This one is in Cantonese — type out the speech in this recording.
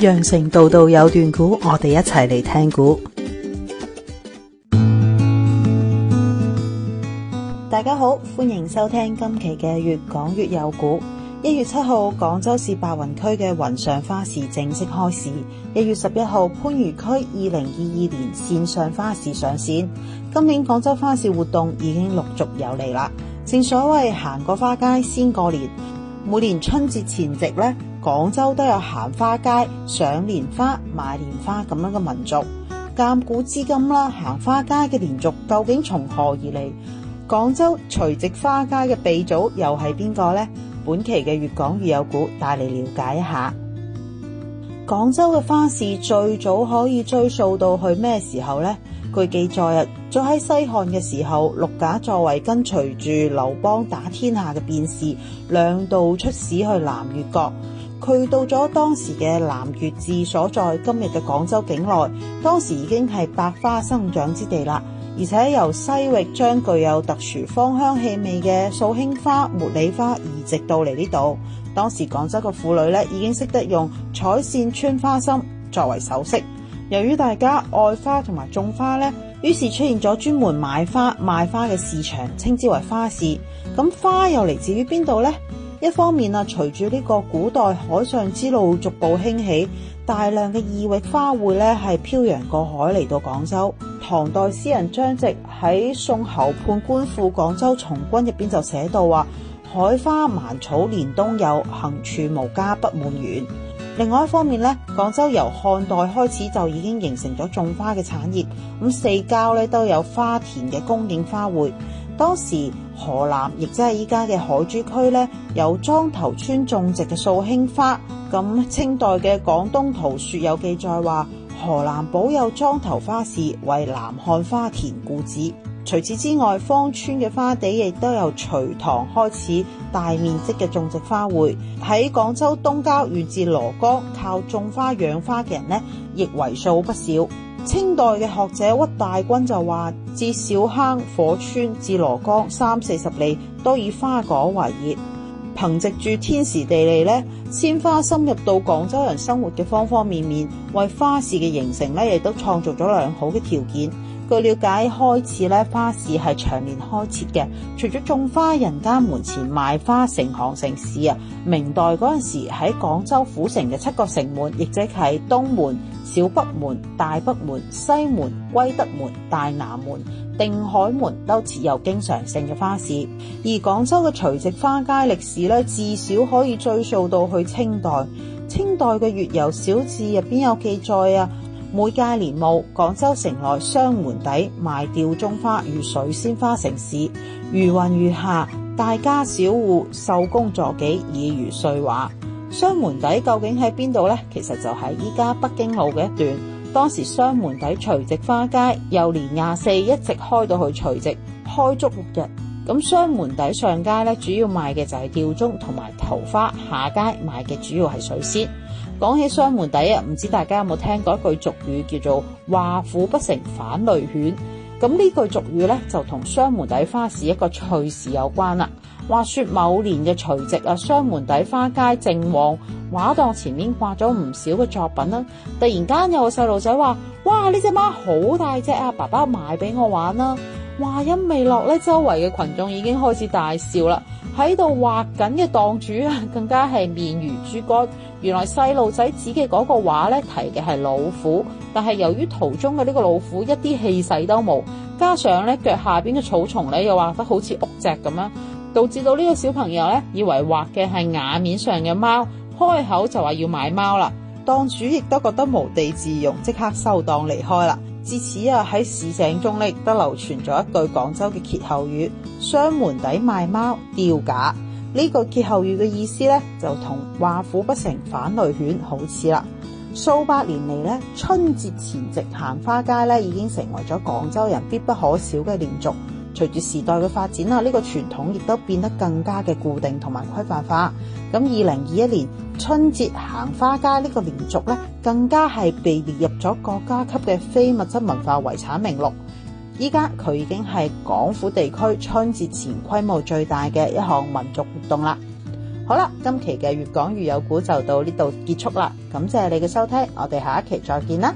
羊城道道有段古，我哋一齊嚟聽古。大家好，歡迎收聽今期嘅粵講粵有古。一月七號，廣州市白雲區嘅雲上花市正式開市；一月十一號，番禺區二零二二年線上花市上線。今年廣州花市活動已經陸續有嚟啦。正所謂行過花街先過年。每年春節前夕咧，廣州都有行花街、賞年花、賣年花咁樣嘅民俗。鑑古知今啦，行花街嘅年俗究竟從何而嚟？廣州除夕花街嘅鼻祖又係邊個呢？本期嘅粵講粵有古帶你了解一下。廣州嘅花市最早可以追溯到去咩時候咧？據記載啊，早喺西漢嘅時候，陸賈作為跟隨住劉邦打天下嘅辯士，兩度出使去南越國。佢到咗當時嘅南越治所在今日嘅廣州境內，當時已經係百花生長之地啦。而且由西域將具有特殊芳香氣味嘅素馨花、茉莉花移植到嚟呢度。當時廣州嘅婦女咧已經識得用彩線穿花心作為首飾。由於大家愛花同埋種花咧，於是出現咗專門買花賣花賣花嘅市場，稱之為花市。咁花又嚟自於邊度呢？一方面啊，隨住呢個古代海上之路逐步興起，大量嘅異域花卉咧係漂洋過海嚟到廣州。唐代詩人張籍喺《送侯判官赴廣州從軍》入邊就寫到啊。」海花蠻草連冬有，行處無家不滿園。另外一方面，呢廣州由漢代開始就已經形成咗種花嘅產業，咁四郊咧都有花田嘅供應花卉。當時河南，亦即係依家嘅海珠區呢有莊頭村種植嘅素馨花。咁清代嘅《廣東圖說》有記載話，河南堡有莊頭花市，為南漢花田故址。除此之外，芳村嘅花地亦都由隋唐開始大面積嘅種植花卉，喺廣州東郊遠至蘿崗，靠種花養花嘅人呢，亦為數不少。清代嘅學者屈大均就話，自小坑火村，至蘿崗三四十里，多以花果為業。憑借住天時地利呢，鮮花深入到廣州人生活嘅方方面面，為花市嘅形成呢亦都創造咗良好嘅條件。據了解，開始咧花市係長年開設嘅，除咗種花人家門前賣花成行成市啊，明代嗰陣時喺廣州府城嘅七個城門，亦即係東門、小北門、大北門、西門、歸德門、大南門、定海門，都設有經常性嘅花市。而廣州嘅除夕花街歷史咧，至少可以追溯到去清代。清代嘅《粵遊小志》入邊有記載啊。每屆年暮，廣州城內雙門底賣吊鐘花與水仙花成市，如雲如霞，大家小戶受工助己，以如歲華。雙門底究竟喺邊度呢？其實就係依家北京路嘅一段。當時雙門底除夕花街，由年廿四一直開到去除夕，開足六日。咁雙門底上街咧，主要賣嘅就係吊鐘同埋桃花；下街賣嘅主要係水仙。講起雙門底啊，唔知大家有冇聽過一句俗語，叫做畫虎不成反類犬。咁呢句俗語呢，就同雙門底花市一個趣事有關啦。話說某年嘅除夕啊，雙門底花街正旺，畫檔前面掛咗唔少嘅作品啦。突然間有個細路仔話，哇，呢隻貓好大隻啊！爸爸買俾我玩啦。話音未落咧，周圍嘅群眾已經開始大笑啦，喺度畫緊嘅檔主啊，更加係面如豬肝。原來細路仔指嘅嗰個畫咧，提嘅係老虎，但係由於圖中嘅呢個老虎一啲氣勢都冇，加上咧腳下邊嘅草叢咧又畫得好似屋脊咁樣，導致到呢個小朋友咧以為畫嘅係瓦面上嘅貓，開口就話要買貓啦。檔主亦都覺得無地自容，即刻收檔離開啦。至此啊，喺市井中咧都流傳咗一句廣州嘅歇後語，雙門底賣貓，吊架呢。這個歇後語嘅意思咧，就同畫虎不成反類犬好似啦。數百年嚟咧，春節前夕行花街咧，已經成為咗廣州人必不可少嘅年俗。隨住時代嘅發展啦，呢個傳統亦都變得更加嘅固定同埋規範化。咁二零二一年春節行花街呢個民俗咧，更加係被列入咗國家級嘅非物質文化遺產名錄。依家佢已經係廣府地區春節前規模最大嘅一項民族活動啦。好啦，今期嘅粵講粵有古就到呢度結束啦。感謝你嘅收聽，我哋下一期再見啦。